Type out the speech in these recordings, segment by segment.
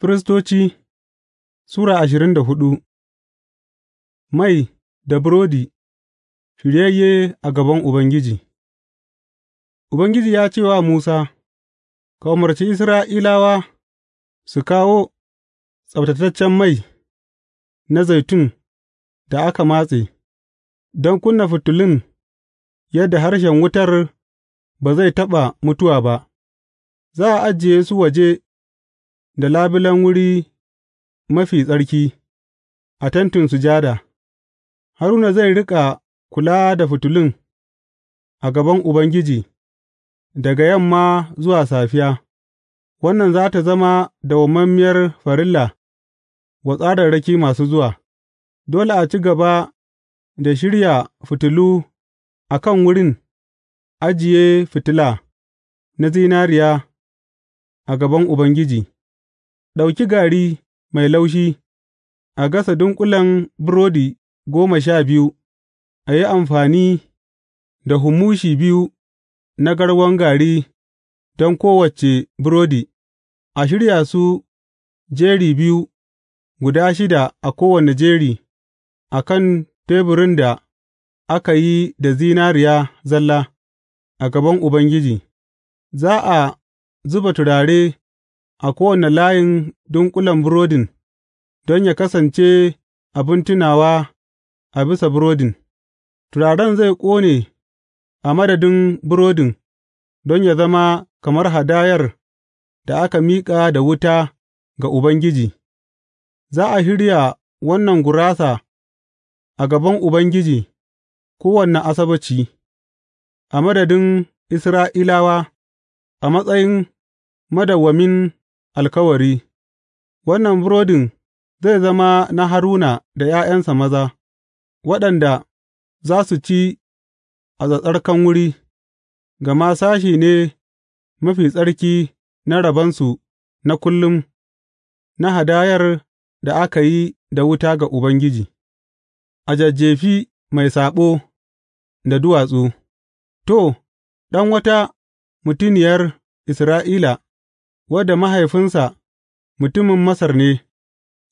Firistoci Sura ashirin da hudu Mai da burodi, shiryayye a gaban Ubangiji Ubangiji ya ce wa Musa, Ka umarci Isra'ilawa su kawo tsabtataccen mai na zaitun da aka matse, don kunna fitilun yadda harshen wutar ba zai taɓa mutuwa ba, za a ajiye su waje. da labulen Wuri Mafi Tsarki a Tentin Sujada, Haruna zai riƙa kula da fitilun a gaban Ubangiji daga yamma zuwa safiya, wannan za tă zama dawwammamiyar farilla wa tsararraki masu zuwa, dole a ci gaba da shirya fitilu a kan wurin ajiye fitila na zinariya a gaban Ubangiji. Ɗauki gari mai laushi, a gasa dunƙulen burodi goma sha biyu, a yi amfani da humushi biyu na garwan gari don kowace burodi, a shirya su jeri biyu, guda shida a kowane jeri, a kan teburin da aka yi da zinariya zalla, a gaban Ubangiji, za a zuba turare. a kowane layin dunƙulen burodin don yă kasance abin tunawa a bisa burodin, turaren zai ƙone a madadin burodin don yă zama kamar hadayar da aka miƙa da wuta ga Ubangiji, za a shirya wannan gurasa a gaban Ubangiji kowane Asabbaci, a madadin Isra'ilawa a matsayin madawwamin Alkawari Wannan burodin zai zama na Haruna da ’ya'yansa maza, waɗanda za su ci a tsattsarkan wuri, gama sashe ne mafi tsarki na rabonsu na kullum na hadayar da aka yi da wuta ga Ubangiji, a jajjefi mai saɓo da duwatsu, to, ɗan wata mutiniyar Isra'ila. wadda mahaifinsa mutumin Masar ne,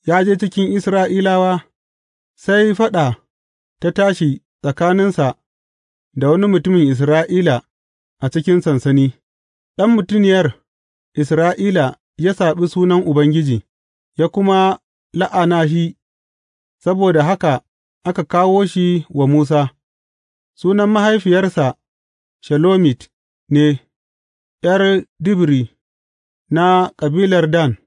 ya je cikin Isra'ilawa, sai faɗa ta tashi tsakaninsa da wani mutumin Isra'ila a cikin sansani, ɗan mutuniyar Isra'ila ya saɓi sunan Ubangiji, ya kuma la'ana shi, saboda haka aka kawo shi wa Musa, sunan mahaifiyarsa Shelomit ne, ’yar Dibri. na kabilar Dan,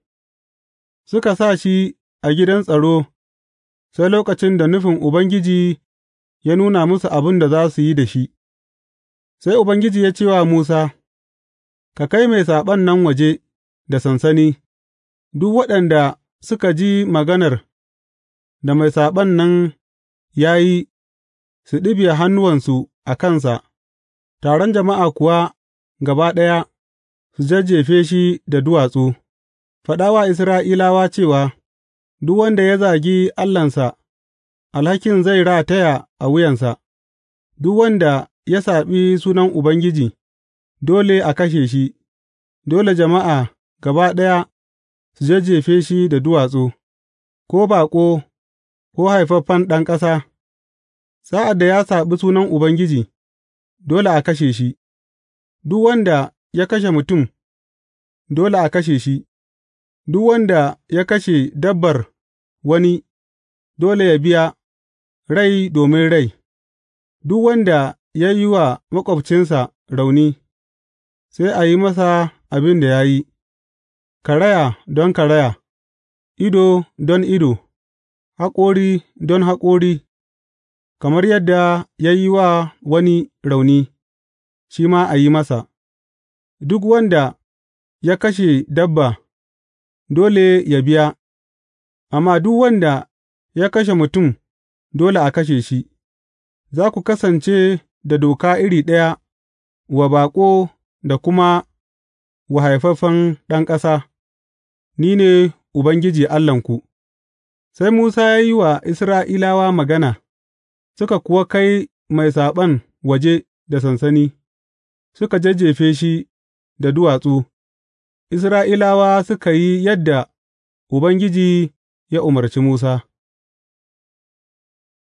suka sa shi a gidan tsaro sai lokacin da nufin Ubangiji ya nuna musu abin da za su yi da shi, sai Ubangiji ya ce wa Musa, Ka kai mai saɓon nan waje da sansani, duk waɗanda suka ji maganar da mai saɓon nan ya yi su ɗibiya hannuwansu a kansa, taron jama'a kuwa gaba ɗaya su jajjefe shi da duwatsu, faɗa wa Isra'ilawa cewa, Duk wanda ya zagi Allahnsa, alhakin zai rataya a wuyansa, duk wanda ya saɓi sunan Ubangiji, dole a kashe shi, dole jama'a gaba ɗaya su jajjefe shi da duwatsu, ko baƙo, ko haifaffen ɗan ƙasa, sa'ad da ya saɓi sunan Ubangiji, dole a kashe shi, duk wanda ya kashe mutum, dole a kashe shi, duk wanda ya kashe dabbar wani, dole ya biya, rai domin rai, duk wanda ya yi wa maƙwabcinsa rauni, sai a yi masa abin da ya yi, karaya don karaya, ido don ido, haƙori don haƙori, kamar yadda ya yi wa wani rauni, shi ma a yi masa. Duk wanda ya kashe dabba, dole yă biya, amma duk wanda ya kashe mutum, dole a kashe shi, za ku kasance da doka iri ɗaya wa baƙo da kuma wa haifaffen ɗan ƙasa, ni ne Ubangiji Allahnku.’ Sai Musa ya yi wa Isra'ilawa magana, suka kuwa kai mai saɓan waje da sansani, suka jajjefe shi da duwatsu, Isra'ilawa suka yi yadda Ubangiji ya umarci Musa.